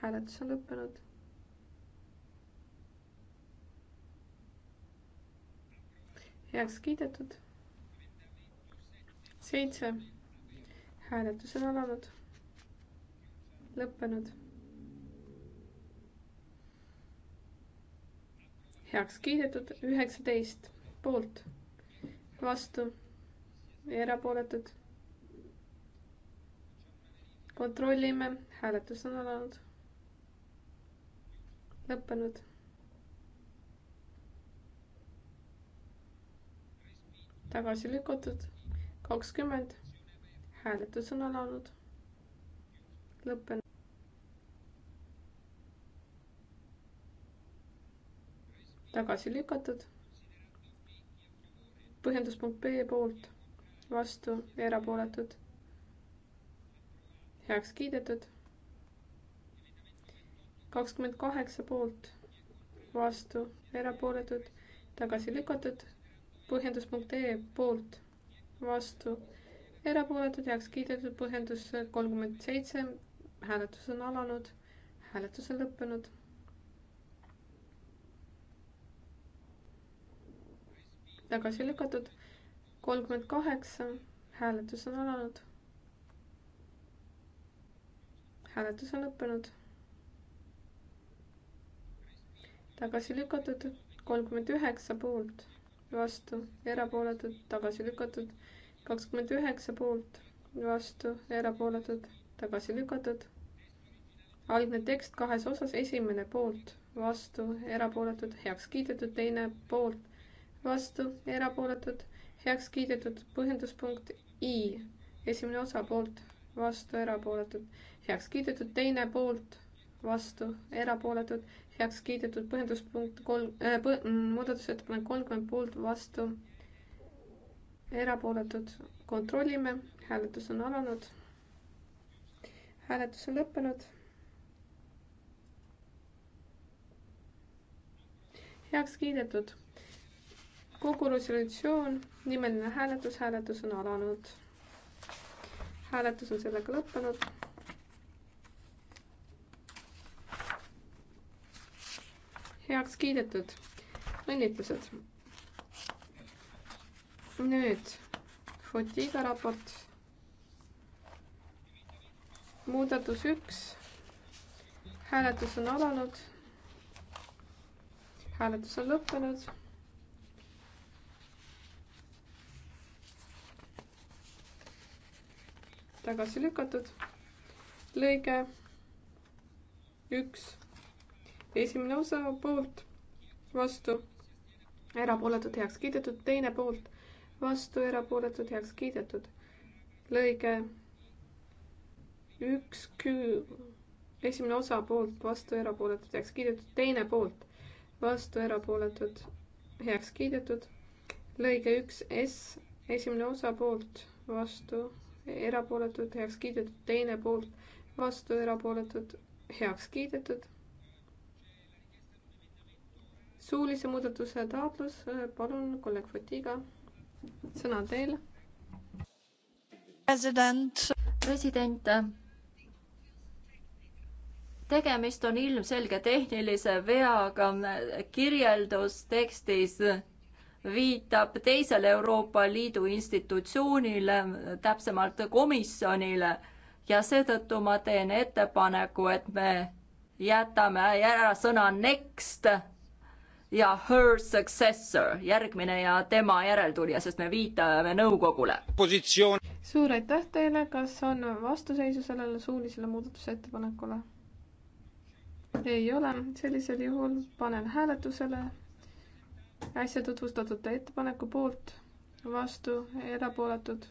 hääletus on lõppenud. heaks kiidetud. seitse. hääletus on alanud. lõppenud. heaks kiidetud üheksateist poolt, vastu ja erapooletud. kontrollime, hääletus on alanud lõppenud. tagasi lükatud, kakskümmend, hääletus on alanud, lõppenud. tagasi lükatud. põhjenduspunkt B poolt, vastu, erapooletud, heaks kiidetud kakskümmend kaheksa poolt, vastu, erapooletud, tagasi lükatud. põhjenduspunkt E poolt, vastu, erapooletud, heaks kiidetud, põhjendus kolmkümmend seitse, hääletus on alanud, hääletus on lõppenud. tagasi lükatud, kolmkümmend kaheksa, hääletus on alanud. hääletus on lõppenud tagasi lükatud, kolmkümmend üheksa poolt, vastu, erapooletud, tagasi lükatud, kakskümmend üheksa poolt, vastu, erapooletud, tagasi lükatud. algne tekst kahes osas, esimene poolt, vastu, erapooletud, heaks kiidetud, teine poolt, vastu, erapooletud, heaks kiidetud, põhjenduspunkt I, esimene osa poolt, vastu, erapooletud, heaks kiidetud, teine poolt vastu, erapooletud, heaks kiidetud, põhjenduspunkt kolm äh, põh,, mm, muudatusettepanek kolmkümmend poolt, vastu, erapooletud, kontrollime, hääletus on alanud. hääletus on lõppenud. heaks kiidetud. kogu resolutsioon, nimeline hääletus, hääletus on alanud. hääletus on sellega lõppenud heaks kiidetud. õnnitlused. nüüd Fotiga raport. muudatus üks. hääletus on alanud. hääletus on lõppenud tagasi lükatud. lõige üks esimene osa poolt, vastu, erapooletud heaks kiidetud, teine poolt, vastu, erapooletud heaks kiidetud. lõige üks küü-, esimene osa poolt, vastu, erapooletud heaks kiidetud, teine poolt, vastu, erapooletud heaks kiidetud. lõige üks S, esimene osa poolt, vastu, erapooletud heaks kiidetud, teine poolt, vastu, erapooletud heaks kiidetud suulise muudatuse taotlus, palun, kolleeg Fatiga, sõna on teil. president. president tegemist on ilmselge tehnilise veaga, kirjeldus tekstis viitab teisele Euroopa Liidu institutsioonile, täpsemalt komisjonile ja seetõttu ma teen ettepaneku, et me jätame ära sõna next ja her successor, järgmine ja tema järeltulija, sest me viitame nõukogule. suur aitäh teile, kas on vastuseisu sellele suulisele muudatusettepanekule? ei ole, sellisel juhul panen hääletusele äsja tutvustatud ettepaneku poolt, vastu, erapooletud,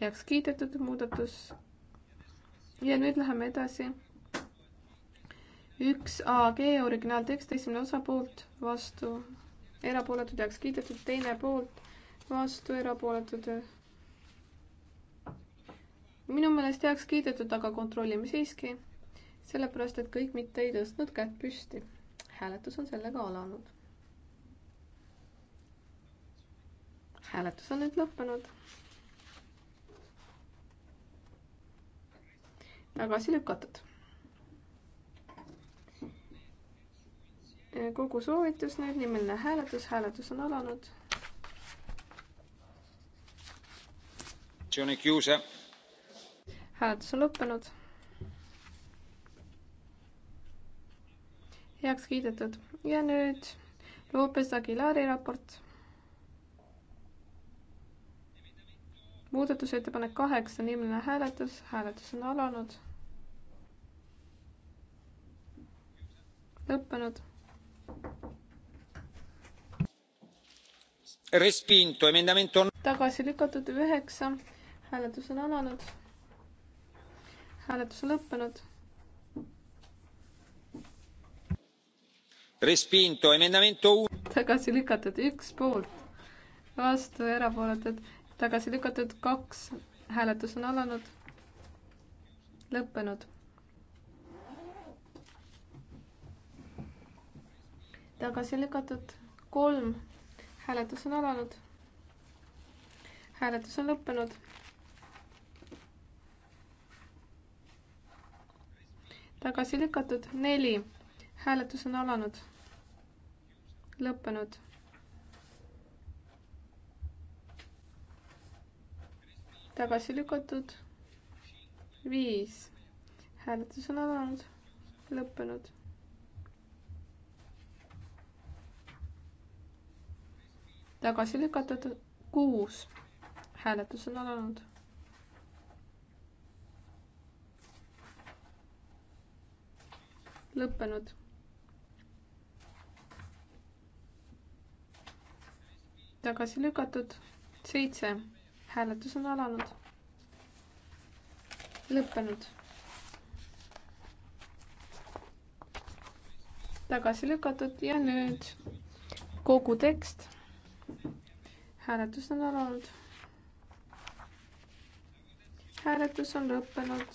heaks kiidetud muudatus. ja nüüd läheme edasi üks AG originaaltekst, esimene osa poolt, vastu, erapooletud heaks kiidetud, teine poolt, vastu, erapooletud. minu meelest heaks kiidetud, aga kontrollime siiski, sellepärast et kõik mitte ei tõstnud kätt püsti. hääletus on sellega alanud. hääletus on nüüd lõppenud. tagasi lükatud kogu soovitus nüüd, nimeline hääletus, hääletus on alanud. hääletus on lõppenud. heaks kiidetud ja nüüd Lopez Aguilari raport. muudatusettepanek kaheksa, nimeline hääletus, hääletus on alanud. lõppenud tagasi lükatud üheksa, hääletus on alanud. hääletus on lõppenud. tagasi lükatud üks poolt, vastu erapooletud, tagasi lükatud kaks, hääletus on alanud, lõppenud tagasi lükatud, kolm, hääletus on alanud. hääletus on lõppenud. tagasi lükatud, neli, hääletus on alanud, lõppenud. tagasi lükatud, viis, hääletus on alanud, lõppenud tagasi lükatud, kuus. hääletus on alanud. lõppenud. tagasi lükatud, seitse. hääletus on alanud. lõppenud. tagasi lükatud ja nüüd kogu tekst hääletus on alanud. hääletus on lõppenud.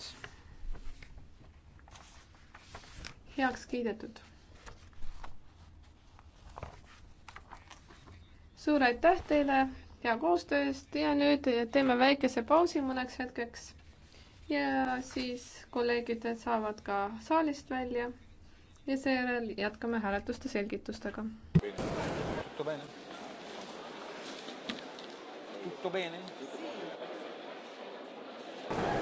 heaks kiidetud. suur aitäh teile hea koostöö eest ja nüüd teeme väikese pausi mõneks hetkeks. ja siis kolleegid saavad ka saalist välja ja seejärel jätkame hääletuste selgitustega tutto bene?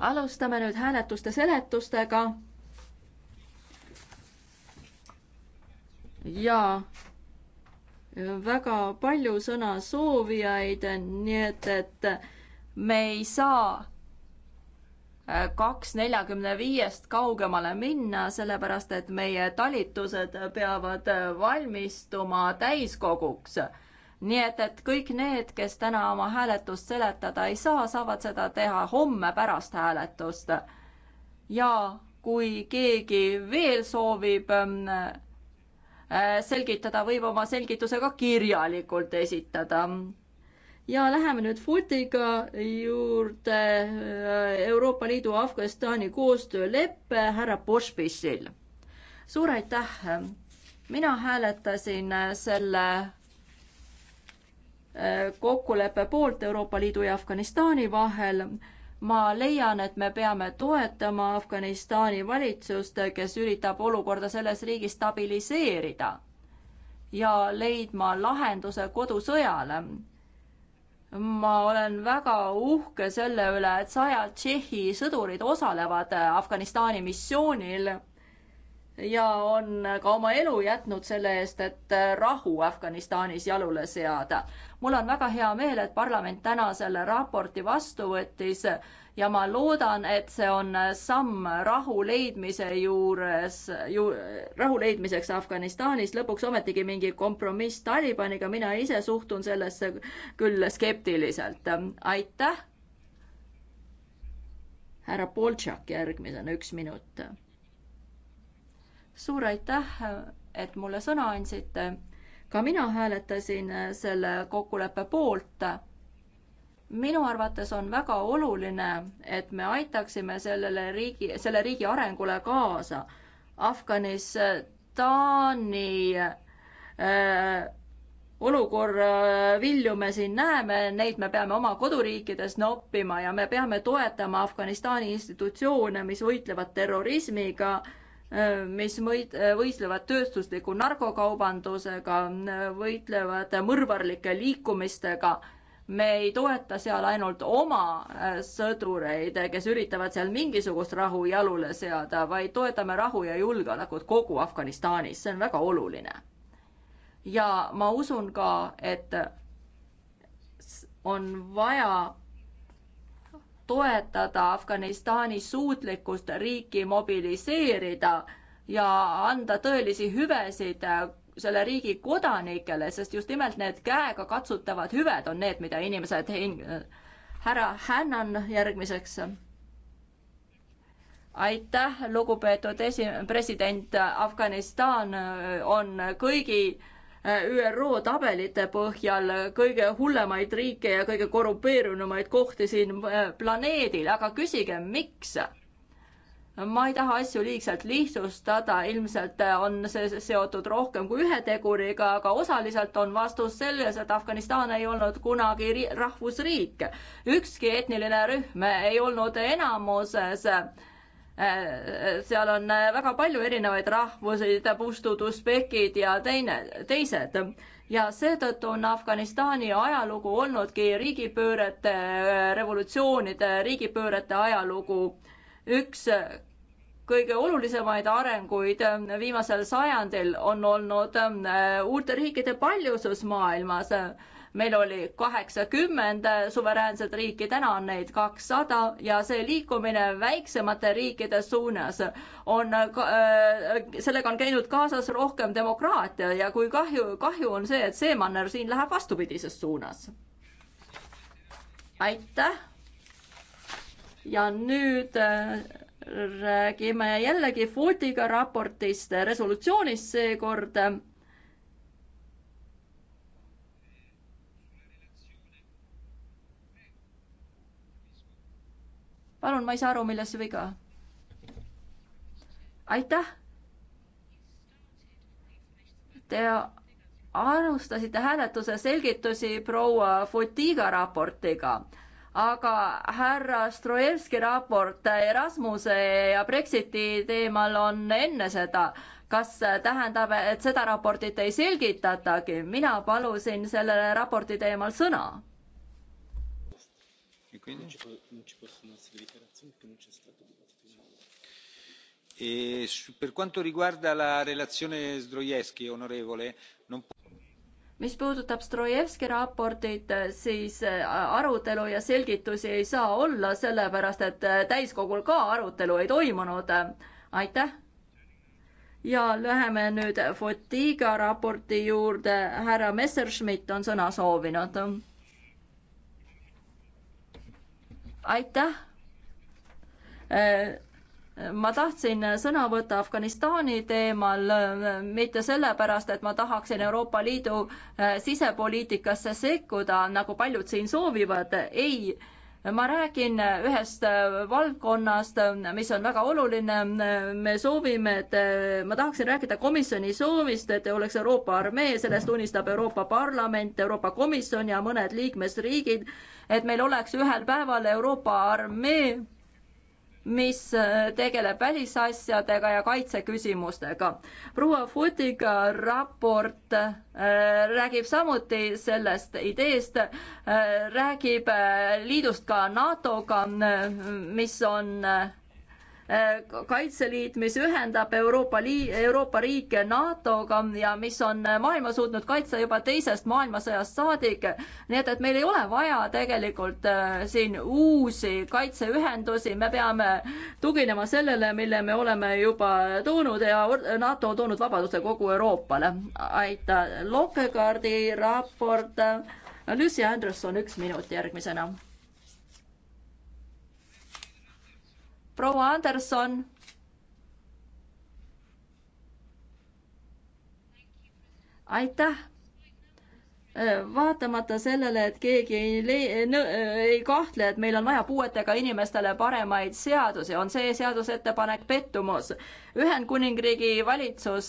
alustame nüüd hääletuste seletustega. ja väga palju sõnasoovijaid, nii et, et me ei saa äh, kaks neljakümne viiest kaugemale minna, sellepärast et meie talitused peavad äh, valmistuma täiskoguks nii et, et kõik need, kes täna oma hääletust seletada ei saa, saavad seda teha homme pärast hääletust. ja kui keegi veel soovib ähm, äh, selgitada, võib oma selgituse ka kirjalikult esitada ja läheme nüüd Futiga juurde äh, Euroopa Liidu Afganistani koostööleppe härra Pošpišil. suur aitäh, mina hääletasin äh, selle kokkuleppe poolt Euroopa Liidu ja Afganistani vahel. ma leian, et me peame toetama Afganistani valitsust, kes üritab olukorda selles riigis stabiliseerida ja leidma lahenduse kodusõjale. ma olen väga uhke selle üle, et sajad Tšehhi sõdurid osalevad Afganistani missioonil ja on ka oma elu jätnud selle eest, et rahu Afganistanis jalule seada. mul on väga hea meel, et parlament täna selle raporti vastu võttis ja ma loodan, et see on samm rahu leidmise juures ju,, rahu leidmiseks Afganistanis, lõpuks ometigi mingi kompromiss Talibaniga, mina ise suhtun sellesse küll skeptiliselt. aitäh! härra Boltšak järgmisena, üks minut suur aitäh, et mulle sõna andsite. ka mina hääletasin selle kokkuleppe poolt. minu arvates on väga oluline, et me aitaksime sellele riigi, selle riigi arengule kaasa. Afganistani äh, olukorra vilju me siin näeme, neid me peame oma koduriikides noppima ja me peame toetama Afganistani institutsioone, mis võitlevad terrorismiga Äh, mis võid-, äh, võistlevad tööstusliku narkokaubandusega, äh, võitlevad mõrvarlike liikumistega. me ei toeta seal ainult oma sõdureid, kes üritavad seal mingisugust rahu jalule seada, vaid toetame rahu ja julgeolekut kogu Afganistanis, see on väga oluline. ja ma usun ka, et on vaja toetada Afganistani suutlikkust riiki mobiliseerida ja anda tõelisi hüvesid äh, selle riigi kodanikele, sest just nimelt need käegakatsutavad hüved on need, mida inimesed hing-, härra Hännan järgmiseks. aitäh, lugupeetud esi-, president, Afganistan äh, on kõigi ÜRO tabelite põhjal kõige hullemaid riike ja kõige korrumpeerunumaid kohti siin äh, planeedil, aga küsige, miks? ma ei taha asju liigselt lihtsustada, ilmselt äh, on see seotud rohkem kui ühe teguriga, aga osaliselt on vastus selles, et Afganistan ei olnud kunagi rahvusriik. ükski etniline rühm ei olnud enamuses seal on äh, väga palju erinevaid rahvusi, tabustud, usbekid ja teine, teised ja seetõttu on Afganistani ajalugu olnudki riigipöörete, äh, revolutsioonide, riigipöörete ajalugu üks äh, kõige olulisemaid arenguid viimasel sajandil on olnud uute riikide paljusus maailmas meil oli kaheksakümmend suveräänset riiki, täna on neid kakssada ja see liikumine väiksemate riikide suunas on, äh, sellega on käinud kaasas rohkem demokraatia ja kui kahju, kahju on see, et see manner siin läheb vastupidises suunas. aitäh. ja nüüd äh, räägime jällegi Fultiga raportist, resolutsioonist seekord palun, ma ei saa aru, milles viga. aitäh. Te alustasite hääletuse selgitusi proua Futiga raportiga, aga härra Strojevski raport Erasmuse ja Brexiti teemal on enne seda. kas tähendab, et seda raportit ei selgitatagi? mina palusin selle raporti teemal sõna quindi ci possono essere dichiarazioni che non c'è stato e per quanto riguarda la relazione Zdrojevski onorevole non mis puudutab Strojevski raportit, siis äh, arutelu ja selgitusi ei saa olla, sellepärast et äh, täiskogul ka arutelu ei toimunud. aitäh. ja läheme nüüd Fotiga raporti juurde. härra Messerschmidt on sõna soovinud aitäh. Äh, ma tahtsin sõna võtta Afganistani teemal äh, mitte sellepärast, et ma tahaksin Euroopa Liidu äh, sisepoliitikasse sekkuda, nagu paljud siin soovivad, ei ma räägin ühest valdkonnast, mis on väga oluline, me soovime, et ma tahaksin rääkida komisjoni soovist, et oleks Euroopa armee, sellest unistab Euroopa Parlament, Euroopa Komisjon ja mõned liikmesriigid et meil oleks ühel päeval Euroopa armee, mis äh, tegeleb välisasjadega ja kaitseküsimustega. proua Futiga raport äh, räägib samuti sellest ideest äh,, räägib äh, liidust ka NATO-ga, äh, mis on äh, Äh, kaitseliit, mis ühendab Euroopa Liit, Euroopa riike NATO-ga ja mis on maailma suutnud kaitsta juba teisest maailmasõjast saadik. nii et, et meil ei ole vaja tegelikult äh, siin uusi kaitseühendusi, me peame tuginema sellele, mille me oleme juba toonud ja NATO on toonud vabaduse kogu Euroopale. aitäh, Lokkekaardi raport. Lucy Anderson, üks minut järgmisena proua Anderson. aitäh äh, vaatamata sellele, et keegi ei, le-, äh, äh, ei kahtle, et meil on vaja puuetega inimestele paremaid seadusi, on see seadusettepanek pettumus. Ühendkuningriigi valitsus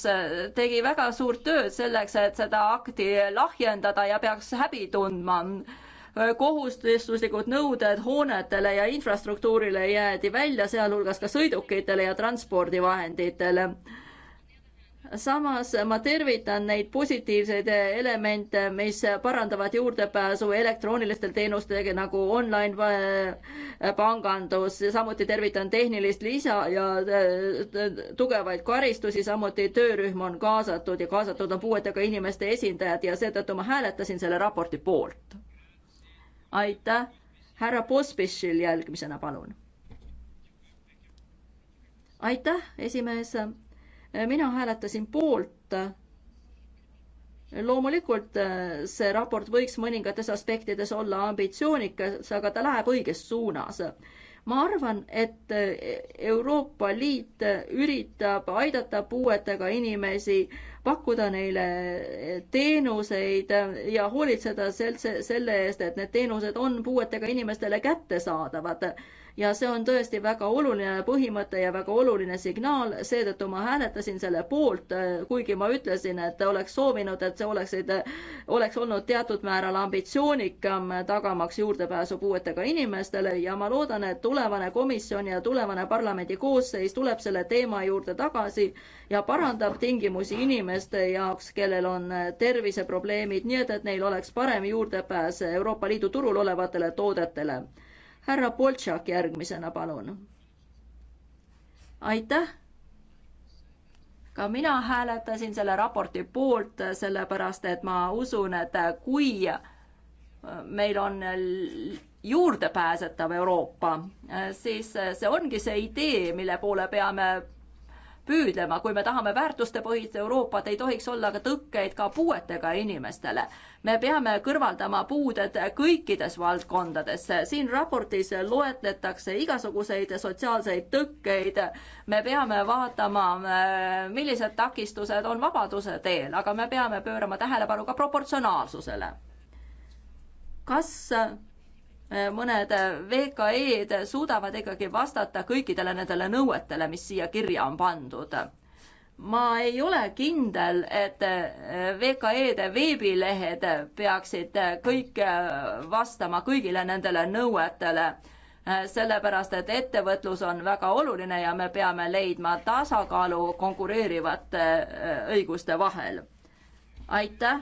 tegi väga suurt tööd selleks, et seda akti lahjendada ja peaks häbi tundma Äh, kohustuslikud nõuded hoonetele ja infrastruktuurile jäeti välja, sealhulgas ka sõidukitele ja transpordivahenditele. samas ma tervitan neid positiivseid elemente, mis parandavad juurdepääsu elektroonilistel teenustel nagu online äh, pangandus, samuti tervitan tehnilist lisa ja äh, tugevaid karistusi, samuti töörühm on kaasatud ja kaasatud on puuetega inimeste esindajad ja seetõttu ma hääletasin selle raporti poolt aitäh, härra Pospišil järgmisena, palun. aitäh, esimees. mina hääletasin poolt. loomulikult see raport võiks mõningates aspektides olla ambitsioonikas, aga ta läheb õiges suunas ma arvan, et Euroopa Liit üritab aidata puuetega inimesi pakkuda neile teenuseid ja hoolitseda selle eest, et need teenused on puuetega inimestele kättesaadavad ja see on tõesti väga oluline põhimõte ja väga oluline signaal, seetõttu ma hääletasin selle poolt, äh, kuigi ma ütlesin, et oleks soovinud, et see oleksid, äh, oleks olnud teatud määral ambitsioonikam, äh, tagamaks juurdepääsu puuetega inimestele ja ma loodan, et tulevane komisjon ja tulevane parlamendi koosseis tuleb selle teema juurde tagasi ja parandab tingimusi inimeste jaoks, kellel on terviseprobleemid, nii et, et neil oleks parem juurdepääs Euroopa Liidu turul olevatele toodetele härra Boltšak järgmisena, palun. aitäh. ka mina hääletasin selle raporti poolt, sellepärast et ma usun, et kui meil on juurdepääsetav Euroopa, siis see ongi see idee, mille poole peame püüdlema, kui me tahame väärtustepõhist Euroopat, ei tohiks olla ka tõkkeid ka puuetega inimestele. me peame kõrvaldama puuded kõikides valdkondades, siin raportis loetletakse igasuguseid sotsiaalseid tõkkeid, me peame vaatama, millised takistused on vabaduse teel, aga me peame pöörama tähelepanu ka proportsionaalsusele. kas Äh, mõned äh, VKE-d suudavad ikkagi vastata kõikidele nendele nõuetele, mis siia kirja on pandud. ma ei ole kindel, et äh, VKE-de veebilehed peaksid kõik vastama kõigile nendele nõuetele, sellepärast et ettevõtlus on väga oluline ja me peame leidma tasakaalu konkureerivate õiguste vahel. aitäh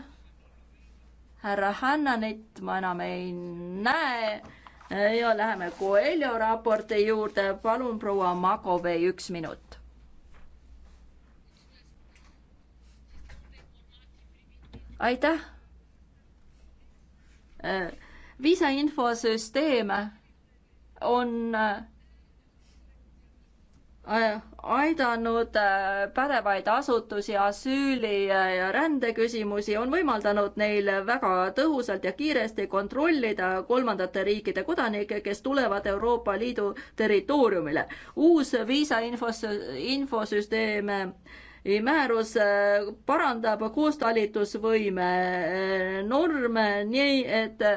härra Hannanit ma enam ei näe. ja läheme Coelho raporti juurde, palun proua Makovei, üks minut. aitäh. viisa infosüsteem on Äh, aidanud äh, pädevaid asutusi asüüli äh, ja rändeküsimusi, on võimaldanud neil väga tõhusalt ja kiiresti kontrollida kolmandate riikide kodanikke, kes tulevad Euroopa Liidu territooriumile. uus viisa infos, infosüsteem määrus parandab koostalitusvõime norme nii, et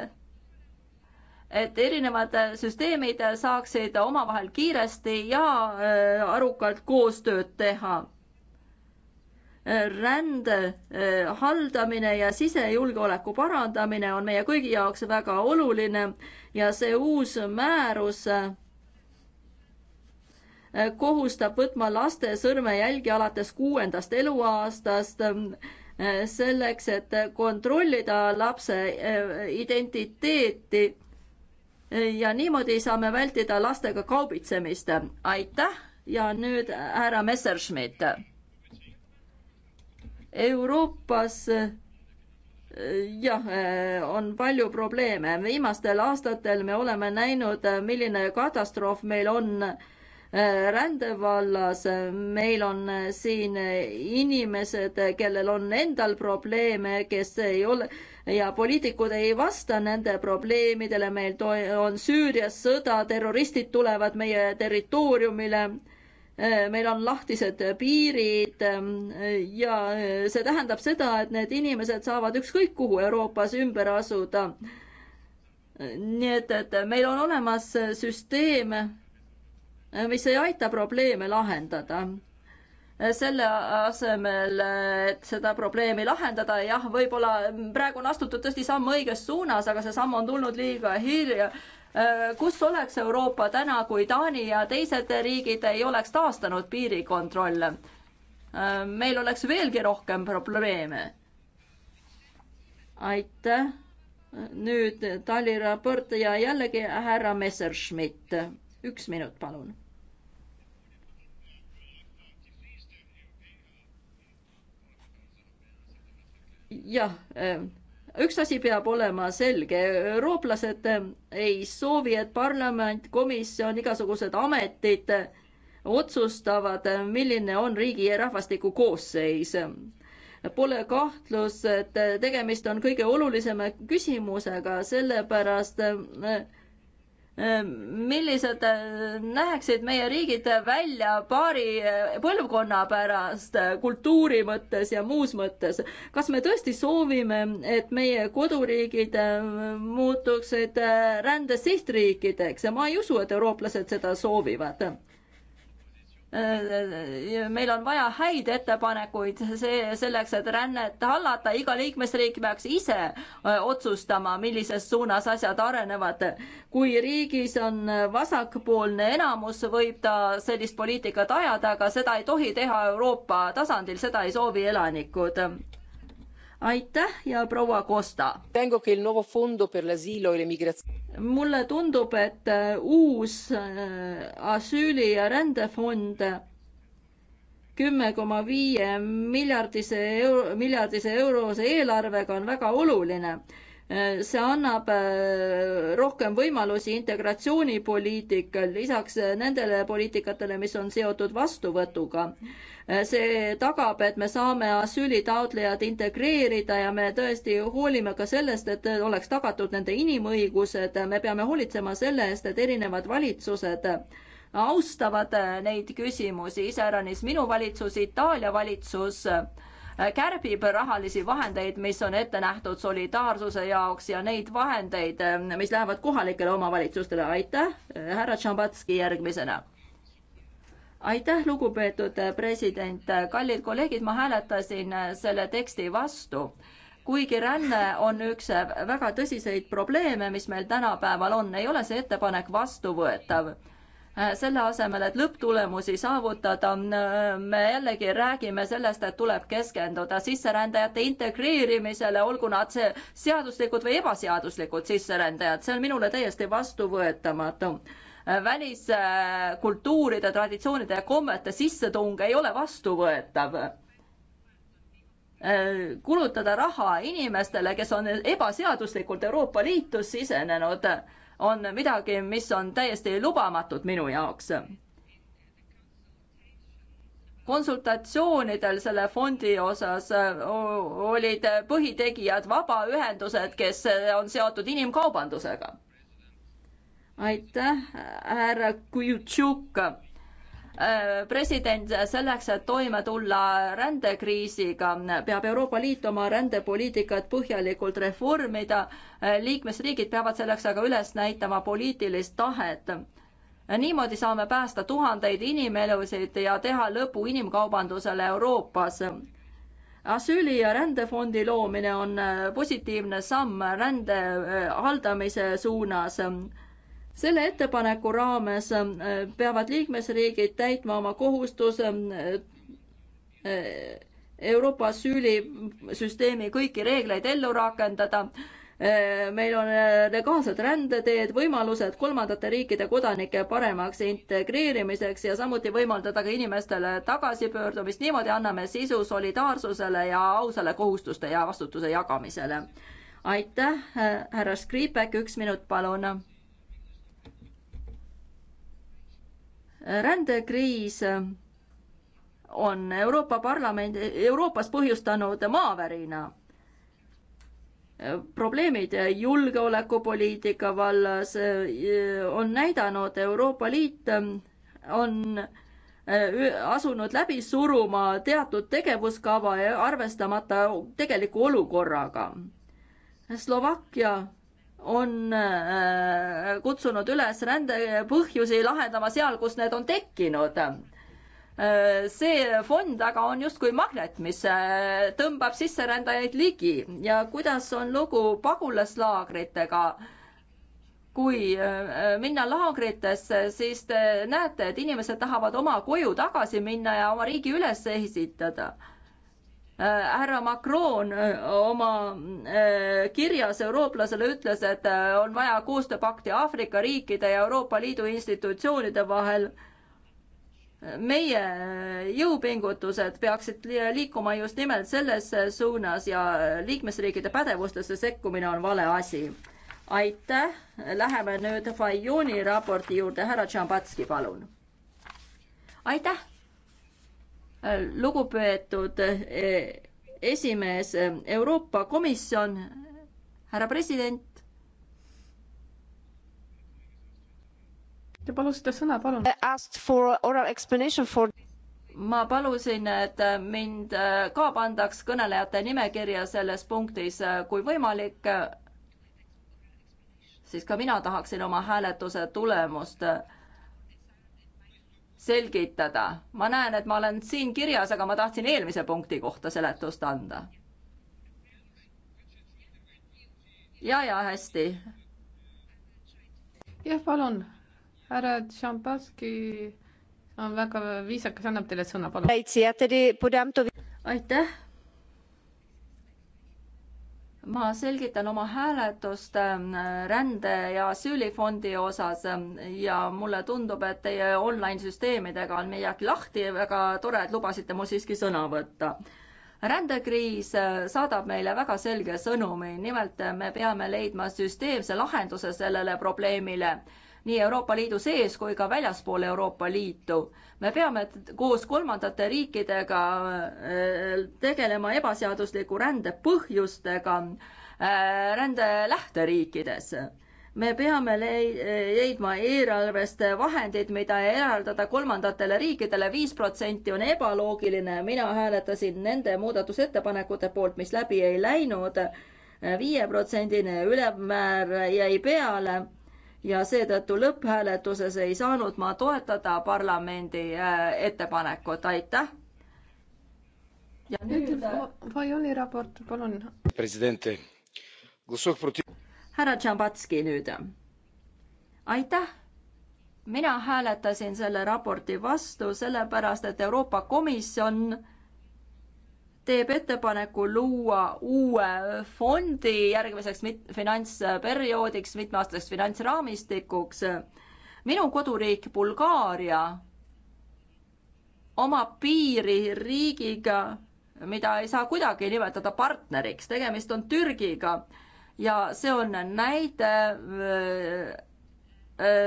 et erinevad süsteemid saaksid omavahel kiiresti ja äh, arukalt koostööd teha. rände äh, haldamine ja sisejulgeoleku parandamine on meie kõigi jaoks väga oluline ja see uus määrus äh, kohustab võtma laste sõrmejälgi alates kuuendast eluaastast selleks, et kontrollida lapse identiteeti ja niimoodi saame vältida lastega kaubitsemist. aitäh ja nüüd härra Messerschmidt. Euroopas eh, jah, eh, on palju probleeme, viimastel aastatel me oleme näinud, eh, milline katastroof meil on rändevallas, meil on siin inimesed, kellel on endal probleeme, kes ei ole ja poliitikud ei vasta nende probleemidele, meil on Süürias sõda, terroristid tulevad meie territooriumile, eh, meil on lahtised piirid eh, ja eh, see tähendab seda, et need inimesed saavad ükskõik kuhu Euroopas ümber asuda. nii et, et meil on olemas süsteem, mis ei aita probleeme lahendada selle asemel, et seda probleemi lahendada, jah, võib-olla praegu on astutud tõesti samm õiges suunas, aga see samm on tulnud liiga hilja. Äh, kus oleks Euroopa täna, kui Taani ja teised riigid ei oleks taastanud piirikontrolle? Äh, meil oleks veelgi rohkem probleeme. aitäh. nüüd taliraport ja jällegi härra Messerschmidt. üks minut, palun jah, ehm, üks asi peab olema selge, eurooplased ehm, ei soovi, et parlament, komisjon, igasugused ametid ehm, otsustavad, milline on riigi ja rahvastiku koosseis. Pole kahtlus, et tegemist on kõige olulisema küsimusega, sellepärast äh, Ehm, millised äh, näeksid meie riigid välja paari äh, põlvkonna pärast äh, kultuuri mõttes ja muus mõttes. kas me tõesti soovime, et meie koduriigid muutuksid rände sihtriikideks ja ma ei usu, et eurooplased seda soovivad Äh, äh, meil on vaja häid ettepanekuid see, selleks, et rännet hallata, iga liikmesriik peaks ise äh, otsustama, millises suunas asjad arenevad. kui riigis on vasakpoolne enamus, võib ta sellist poliitikat ajada, aga seda ei tohi teha Euroopa tasandil, seda ei soovi elanikud aitäh ja proua Costa. E mulle tundub, et äh, uus äh, asüüli ja rändefond kümme koma viie miljardise euro, miljardise eurose eelarvega on väga oluline. Äh, see annab rohkem võimalusi integratsioonipoliitikal, lisaks nendele poliitikatele, mis on seotud vastuvõtuga see tagab, et me saame asüülitaotlejad integreerida ja me tõesti hoolime ka sellest, et oleks tagatud nende inimõigused, me peame hoolitsema selle eest, et erinevad valitsused austavad neid küsimusi, iseäranis minu valitsus, Itaalia valitsus kärbib rahalisi vahendeid, mis on ette nähtud solidaarsuse jaoks ja neid vahendeid, mis lähevad kohalikele omavalitsustele. aitäh, härra Tšambatski järgmisena aitäh, lugupeetud president, kallid kolleegid, ma hääletasin selle teksti vastu. kuigi ränne on üks väga tõsiseid probleeme, mis meil tänapäeval on, ei ole see ettepanek vastuvõetav selle asemel, et lõpptulemusi saavutada, me jällegi räägime sellest, et tuleb keskenduda sisserändajate integreerimisele, olgu nad see seaduslikud või ebaseaduslikud sisserändajad, see on minule täiesti vastuvõetamatu väliskultuuride, traditsioonide ja kommete sissetung ei ole vastuvõetav. kulutada raha inimestele, kes on ebaseaduslikult Euroopa Liitu sisenenud, on midagi, mis on täiesti lubamatud minu jaoks. konsultatsioonidel selle fondi osas olid põhitegijad vabaühendused, kes on seotud inimkaubandusega aitäh, härra Kujutšuk äh, president selleks, et toime tulla rändekriisiga, peab Euroopa Liit oma rändepoliitikat põhjalikult reformida. Äh, liikmesriigid peavad selleks aga üles näitama poliitilist tahet. Äh, niimoodi saame päästa tuhandeid inimelusid ja teha lõpu inimkaubandusele Euroopas. asüüli ja rändefondi loomine on positiivne samm rände haldamise suunas selle ettepaneku raames äh, peavad liikmesriigid täitma oma kohustuse äh, äh, Euroopa asüülisüsteemi kõiki reegleid ellu rakendada. meil on legaalsed rändeteed, võimalused kolmandate riikide kodanike paremaks integreerimiseks ja samuti võimaldada ka inimestele tagasipöördumist. niimoodi anname sisu solidaarsusele ja ausale kohustuste ja vastutuse jagamisele. aitäh, härra Skripek, üks minut, palun rändekriis on Euroopa Parlamendi, Euroopas põhjustanud maavärina probleemid julgeolekupoliitika vallas eh, on näidanud, Euroopa Liit eh, on eh, asunud läbi suruma teatud tegevuskava ja arvestamata tegeliku olukorraga. Slovakkia on äh, kutsunud üles rändepõhjusi lahendama seal, kus need on tekkinud. Äh, see fond aga on justkui magnet, mis äh, tõmbab sisserändajaid ligi ja kuidas on lugu pagulaslaagritega? kui minna laagritesse, siis te näete, et inimesed tahavad oma koju tagasi minna ja oma riigi üles esitada Äh, härra Macron äh, oma äh, kirjas eurooplasele ütles, et on vaja koostööpakti Aafrika riikide ja Euroopa Liidu institutsioonide vahel. meie jõupingutused peaksid liikuma just nimelt selles suunas ja liikmesriikide pädevustesse sekkumine on vale asi. aitäh, läheme nüüd Fajoni raporti juurde, härra Tšambatski, palun. aitäh lugupeetud eh, esimees, eh, Euroopa Komisjon, härra president. Te palusite sõna, palun. For... ma palusin, et eh, mind ka pandaks kõnelejate nimekirja selles punktis, kui võimalik, siis ka mina tahaksin oma hääletuse tulemust selgitada. ma näen, et ma olen siin kirjas, aga ma tahtsin eelmise punkti kohta seletust anda. ja, ja hästi. jah, palun, härra Tšambaski on väga viisakas, annab teile sõna, palun. aitäh ma selgitan oma hääletust ähm, rände- ja asüülifondi osas ähm, ja mulle tundub, et teie online-süsteemidega on midagi lahti, väga tore, et lubasite mul siiski sõna võtta. rändekriis äh, saadab meile väga selge sõnumi, nimelt äh, me peame leidma süsteemse lahenduse sellele probleemile nii Euroopa Liidu sees kui ka väljaspool Euroopa Liitu. me peame koos kolmandate riikidega äh, tegelema ebaseadusliku rände põhjustega äh, rände lähteriikides me peame leidma eelarvest vahendeid, mida eraldada kolmandatele riikidele, viis protsenti on ebaloogiline, mina hääletasin nende muudatusettepanekute poolt, mis läbi ei läinud, viieprotsendine ülemmäär jäi peale ja seetõttu lõpphääletuses ei saanud ma toetada parlamendi äh, ettepanekut, aitäh. ja nüüd. Fajoni äh, raport, palun. härra Tšambatski nüüd. aitäh mina hääletasin selle raporti vastu sellepärast, et Euroopa Komisjon teeb ettepaneku luua uue fondi järgmiseks mit-, finantsperioodiks, mitmeaastaseks finantsraamistikuks. minu koduriik Bulgaaria omab piiri riigiga, mida ei saa kuidagi nimetada partneriks, tegemist on Türgiga ja see on näide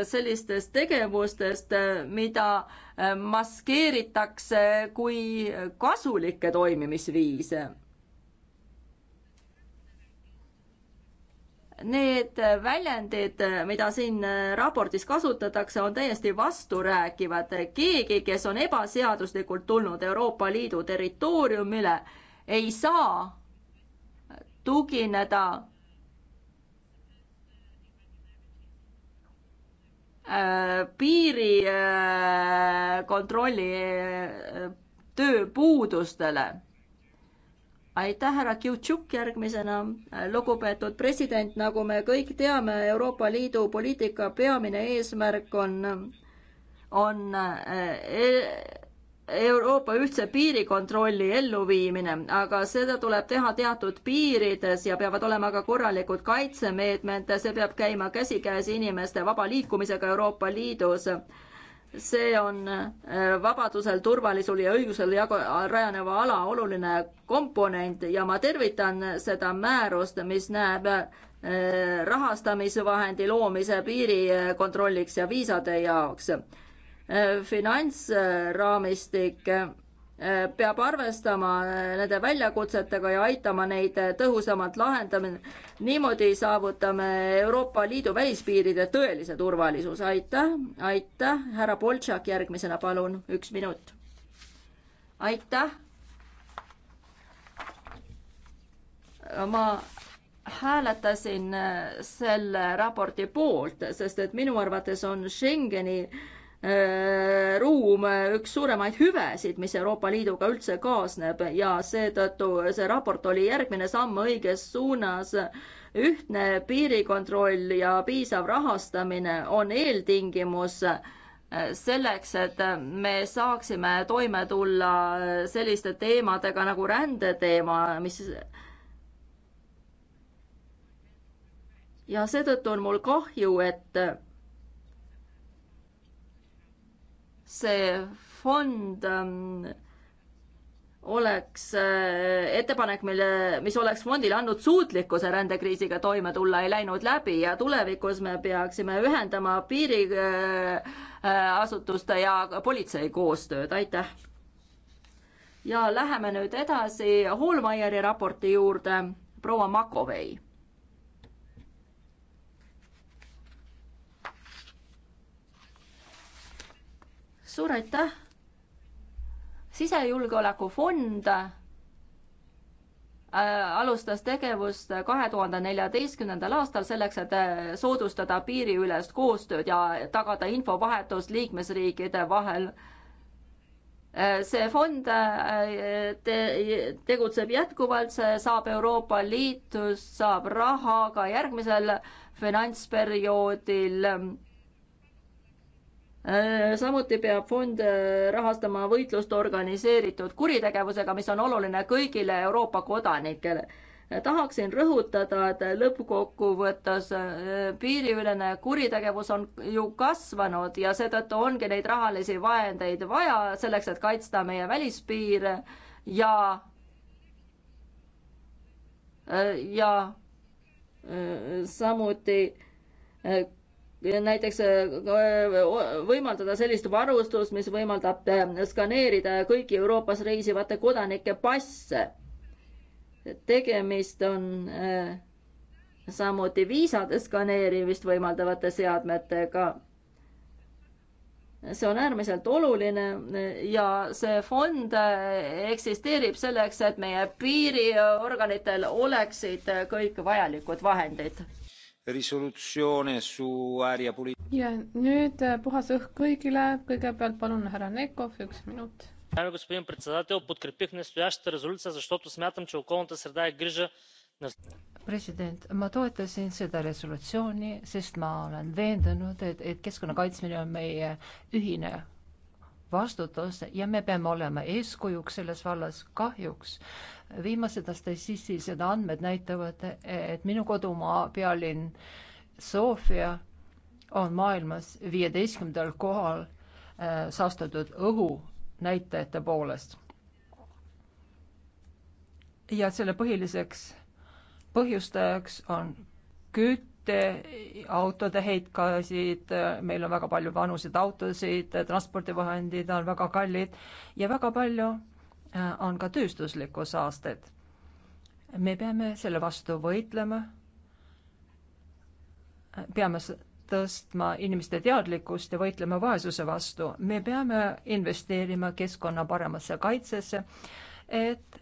sellistest tegevustest, mida äh, maskeeritakse kui kasulikke toimimisviise. Need väljendid, mida siin raportis kasutatakse, on täiesti vasturääkivad. keegi, kes on ebaseaduslikult tulnud Euroopa Liidu territooriumile, ei saa tugineda Äh, piirikontrolli äh, äh, tööpuudustele. aitäh, härra Kiutšuk, järgmisena. lugupeetud president, nagu me kõik teame, Euroopa Liidu poliitika peamine eesmärk on, on e- Euroopa ühtse piirikontrolli elluviimine, aga seda tuleb teha teatud piirides ja peavad olema ka korralikud kaitsemeetmed, see peab käima käsikäes inimeste vaba liikumisega Euroopa Liidus. see on äh, vabadusel, turvalisusel ja õigusel jagu-, rajaneva ala oluline komponent ja ma tervitan seda määrust, mis näeb äh, rahastamisvahendi loomise piirikontrolliks ja viisade jaoks Äh, finantsraamistik äh, peab arvestama äh, nende väljakutsetega ja aitama neid tõhusamalt lahendama. niimoodi saavutame Euroopa Liidu välispiiride tõelise turvalisuse. aitäh, aitäh, härra Boltšak, järgmisena palun üks minut. aitäh. ma hääletasin selle raporti poolt, sest et minu arvates on Schengeni äh, Äh, ruum äh, üks suuremaid hüvesid, mis Euroopa Liiduga üldse kaasneb ja seetõttu see raport oli järgmine samm õiges suunas. ühtne piirikontroll ja piisav rahastamine on eeltingimus äh, selleks, et me saaksime toime tulla selliste teemadega nagu rändeteema, mis ja seetõttu on mul kahju, et see fond ähm, oleks äh, ettepanek, mille, mis oleks fondile andnud suutlikkuse rändekriisiga toime tulla, ei läinud läbi ja tulevikus me peaksime ühendama piiriasutuste äh, äh, ja politsei koostööd, aitäh. ja läheme nüüd edasi Hoolmeieri raporti juurde, proua Makovei suur aitäh. sisejulgeolekufond äh, alustas tegevust kahe tuhande neljateistkümnendal aastal selleks, et äh, soodustada piiriülest koostööd ja tagada infovahetust liikmesriikide vahel. Äh, see fond te tegutseb jätkuvalt, see saab Euroopa Liitust, saab raha ka järgmisel finantsperioodil Äh, samuti peab fond äh, rahastama võitlust organiseeritud kuritegevusega, mis on oluline kõigile Euroopa kodanikele. Äh, tahaksin rõhutada, et lõppkokkuvõttes piiriülene kuritegevus on ju kasvanud ja seetõttu ongi neid rahalisi vahendeid vaja selleks, et kaitsta meie välispiire ja ja samuti näiteks äh, võimaldada sellist varustust, mis võimaldab äh, skaneerida kõiki Euroopas reisivate kodanike passe. tegemist on äh, samuti viisade skaneerimist võimaldavate seadmetega. see on äärmiselt oluline ja see fond eksisteerib selleks, et meie piiriorganitel oleksid kõik vajalikud vahendid ja nüüd äh, puhas õhk kõigile, kõigepealt palun härra Nekov, üks minut. господин председател, подкрепих настоящата резолюция, защото смятам, че околната среда е грижа на president, ma toetasin seda resolutsiooni, sest ma olen veendunud, et, et keskkonna kaitsmine on meie ühine vastutus ja me peame olema eeskujuks selles vallas. kahjuks viimased statistilised andmed näitavad, et minu kodumaa pealinn Sofia on maailmas viieteistkümnendal kohal äh, saastatud õhu näitajate poolest. ja selle põhiliseks põhjustajaks on kütt, Eh, autode heitgaasid, eh, meil on väga palju vanuseid autosid, eh, transpordivahendid on väga kallid ja väga palju on ka tööstuslikku saastet. me peame selle vastu võitlema. peame tõstma inimeste teadlikkust ja võitlema vaesuse vastu. me peame investeerima keskkonna paremasse kaitsesse, et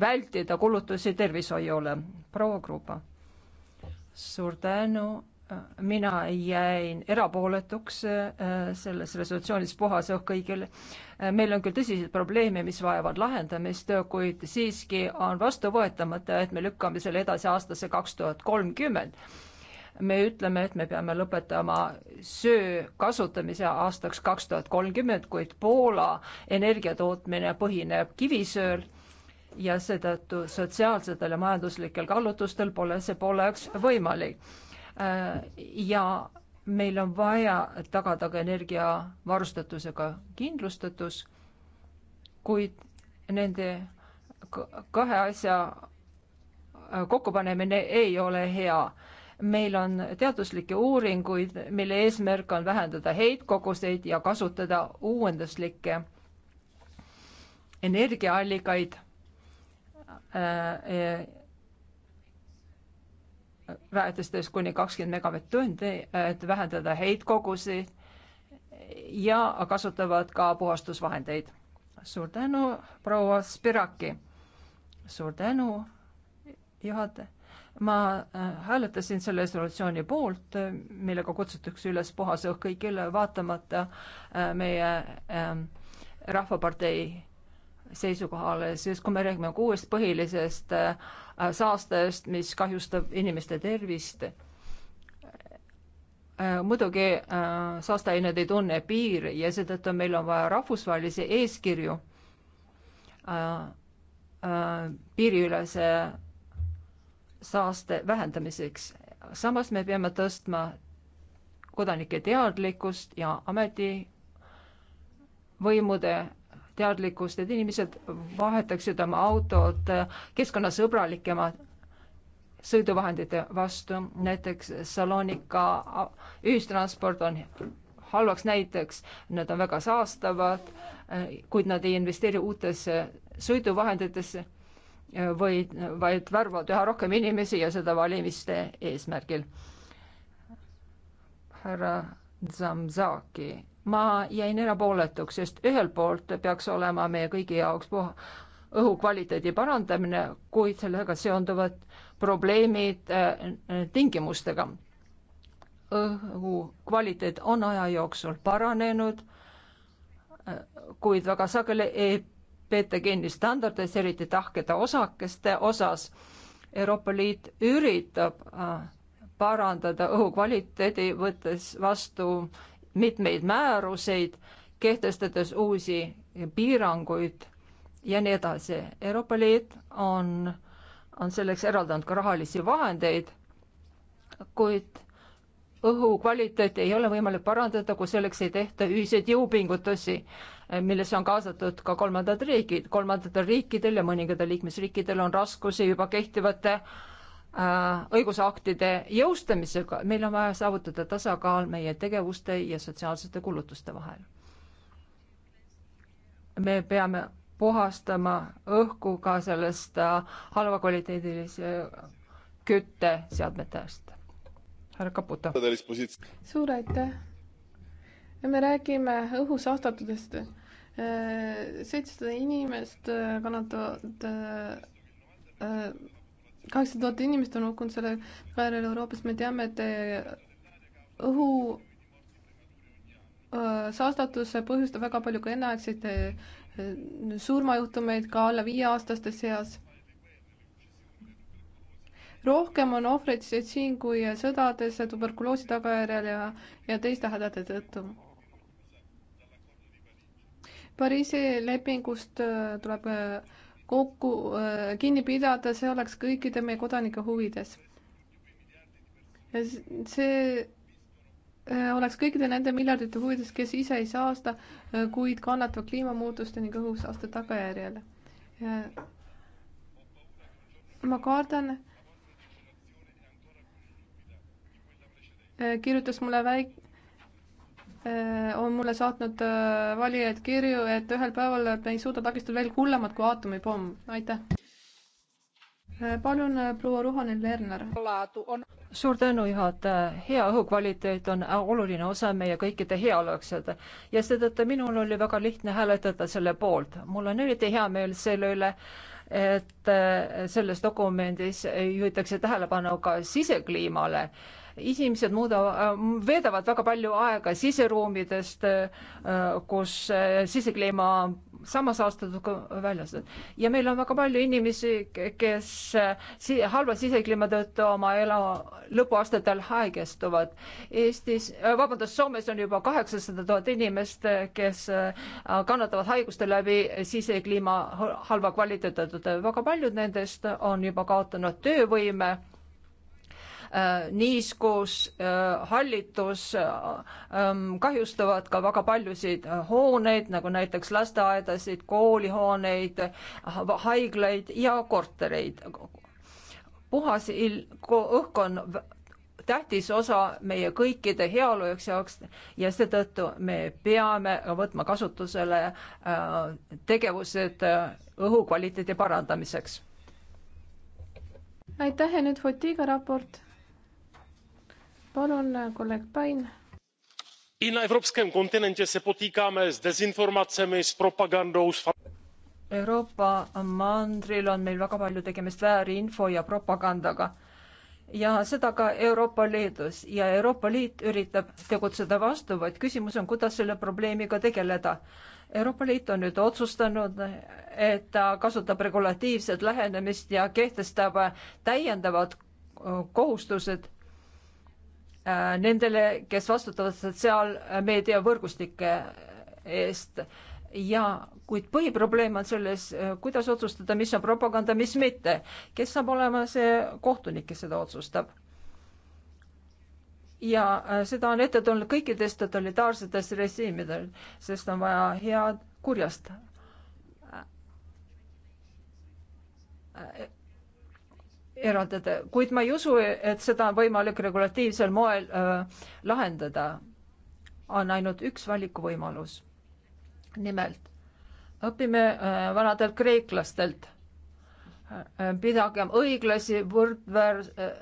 vältida kulutusi tervishoiule. proua Krupa suur tänu. mina jäin erapooletuks äh, selles resolutsioonis puhas õhk kõigile. Äh, meil on küll tõsiseid probleeme, mis vajavad lahendamist, kuid siiski on vastuvõetamata, et me lükkame selle edasi aastasse kaks tuhat kolmkümmend me ütleme, et me peame lõpetama söö kasutamise aastaks kaks tuhat kolmkümmend, kuid Poola energiatootmine põhineb kivisööl ja seetõttu sotsiaalsetel ja majanduslikel kallutustel pole see poleks võimalik. Äh, ja meil on vaja tagada ka energiavarustatusega kindlustatus, kuid nende kahe asja äh, kokkupanemine ei ole hea. meil on teaduslikke uuringuid, mille eesmärk on vähendada heitkoguseid ja kasutada uuenduslikke energiaallikaid rajatistest äh, äh, kuni kakskümmend megavatt-tundi, et vähendada heitkogusid ja kasutavad ka puhastusvahendeid. suur tänu, proua Spiraki. suur tänu, juhataja. ma äh, hääletasin selle resolutsiooni poolt, millega kutsutakse üles puhas õhk kõigile, vaatamata meie Rahvapartei seisukohale, sest kui me räägime kuuest põhilisest äh, saastest, mis kahjustab inimeste tervist, äh, muidugi äh, saasteained ei tunne piiri ja seetõttu meil on vaja rahvusvahelisi eeskirju piiriülese saaste vähendamiseks. samas me peame tõstma kodanike teadlikkust ja ametivõimude teadlikkust, et inimesed vahetaksid oma autod keskkonnasõbralikema sõiduvahendite vastu, näiteks Salonika ühistransport on halvaks näiteks, nad on väga saastavad, kuid nad ei investeeri uutesse sõiduvahenditesse või vaid värvavad üha rohkem inimesi ja seda valimiste eesmärgil. härra Zamzaki ma jäin erapooletuks, sest ühelt poolt peaks olema meie kõigi jaoks õhukvaliteedi parandamine, kuid sellega seonduvad probleemid äh, tingimustega. õhukvaliteet on aja jooksul paranenud äh,, kuid väga sageli ei peeta kinni standardis, eriti tahkede osakeste osas. Euroopa Liit üritab äh, parandada õhukvaliteedi, võttes vastu mitmeid määruseid, kehtestades uusi piiranguid ja nii edasi. Euroopa Liit on, on selleks eraldanud ka rahalisi vahendeid, kuid õhukvaliteeti ei ole võimalik parandada, kui selleks ei tehta ühiseid jõupingutusi, millesse on kaasatud ka kolmandad riigid. kolmandatel riikidel ja mõningatel liikmesriikidel on raskusi juba kehtivate äh, Äh, õigusaktide jõustamisega, meil on vaja saavutada tasakaal meie tegevuste ja sotsiaalsete kulutuste vahel. me peame puhastama õhku ka sellest äh, halvakvaliteedilise kütteseadmetest. härra Kaputa. suur aitäh. me räägime õhusaastatudest. Äh, seitsesada inimest kannatavad kaheksa tuhat inimest on hukkunud selle väärel Euroopas, me teame, et õhu äh, saastatus põhjustab väga palju ka enneaegseid äh, surmajuhtumeid ka alla viieaastaste seas. rohkem on ohvreid siin kui sõdades tuberkuloosi tagajärjel ja, ja teiste hädade tõttu. Pariisi lepingust äh, tuleb kokku äh, kinni pidada, see oleks kõikide meie kodanike huvides. see äh, oleks kõikide nende miljardite huvides, kes ise ei saasta, äh, kuid kannatavad kliimamuutuste ning õhusaaste tagajärjel. ma kardan, kirjutas mulle väik-, Äh, on mulle saatnud äh, valijaid kirju, et ühel päeval me ei suuda takistada veel hullemat kui aatomipomm. aitäh. Äh, palun, proua Ruhonen-Lerner. suur tänu, juhataja. hea õhukvaliteet on oluline osa meie kõikide heaoluksed ja seetõttu minul oli väga lihtne hääletada selle poolt. mul on eriti hea meel selle üle, et selles dokumendis juhitakse tähelepanu ka sisekliimale inimesed muuda-, veedavad väga palju aega siseruumidest, kus äh, sisekliima on sama saastatud kui väljas. ja meil on väga palju inimesi, kes äh, si-, halva sisekliima tõttu oma elu lõpuaastatel haigestuvad. Eestis, äh, vabandust, Soomes on juba kaheksasada tuhat inimest, kes kannatavad haiguste läbi sisekliima halva kvaliteedi tõttu. väga paljud nendest on juba kaotanud töövõime Äh, niiskus, äh, hallitus äh, ähm, kahjustavad ka väga paljusid hooneid, nagu näiteks lasteaedasid, koolihooneid, haiglaid ja kortereid. puhas il-, õhk on tähtis osa meie kõikide heaolu jaoks ja seetõttu me peame võtma kasutusele tegevused õhukvaliteedi parandamiseks. aitäh ja nüüd Fotiga raport i na evropském kontinentě se potýkáme s dezinformacemi s propagandou s. Euroopa mandril on meil väga palju tegemist väärinfo ja propagandaga ja seda ka Euroopa Liidus ja Euroopa Liit üritab tegutseda vastu, vaid küsimus on, kuidas selle probleemiga tegeleda. Euroopa Liit on nüüd otsustanud, et ta kasutab regulatiivset lähenemist ja kehtestab täiendavad kohustused Äh, nendele, kes vastutavad sotsiaalmeedia võrgustike eest ja kuid põhiprobleem on selles, äh, kuidas otsustada, mis on propaganda, mis mitte. kes saab olema see kohtunik, kes seda otsustab? ja äh, seda on ette tulnud kõikides totalitaarsetes režiimidel, sest on vaja head kurjast eraldada, kuid ma ei usu, et seda on võimalik regulatiivsel moel äh, lahendada. on ainult üks valikuvõimalus. nimelt õpime äh, vanadelt kreeklastelt äh,, pidagem õiglasi võrdväär äh,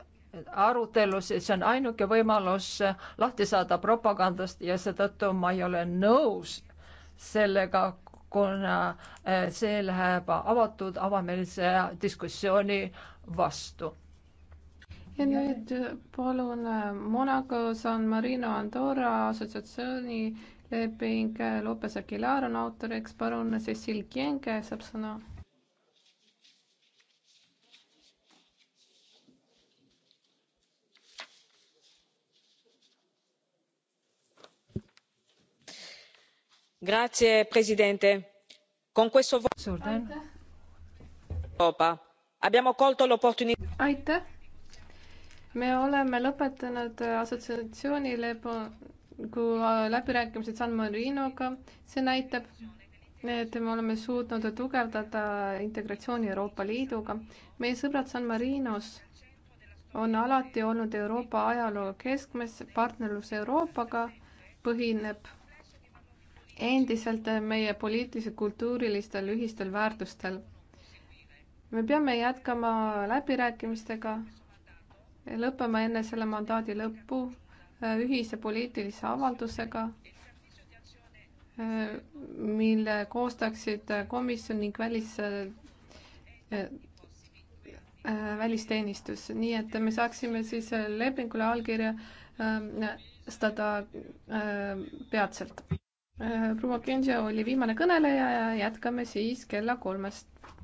arutelusid, see on ainuke võimalus lahti saada propagandast ja seetõttu ma ei ole nõus sellega, kuna eh, see läheb avatud avameelse diskussiooni vastu. ja nüüd palun eh, Monaco San Marino Andorra assotsiatsiooni leping, Lopez Aguilar on autoriks, palun Cecil Kienge saab sõna signor presidente onorevoli colleghi aitäh! me oleme lõpetanud äh, assotsiatsioonilepingu äh, läbirääkimised san marinoga. see näitab et me oleme suutnud tugevdada integratsiooni euroopa liiduga. meie sõbrad san marinos on alati olnud euroopa ajaloo keskmes partnerlus euroopaga põhineb endiselt meie poliitilisel, kultuurilistel, ühistel väärtustel. me peame jätkama läbirääkimistega, lõppema enne selle mandaadi lõppu äh, ühise poliitilise avaldusega, äh, mille koostaksid äh, komisjon ning välis, välisteenistus, nii et me saaksime siis lepingule allkirja ähm, stada peatselt proua Kenja oli viimane kõneleja ja jätkame siis kella kolmest.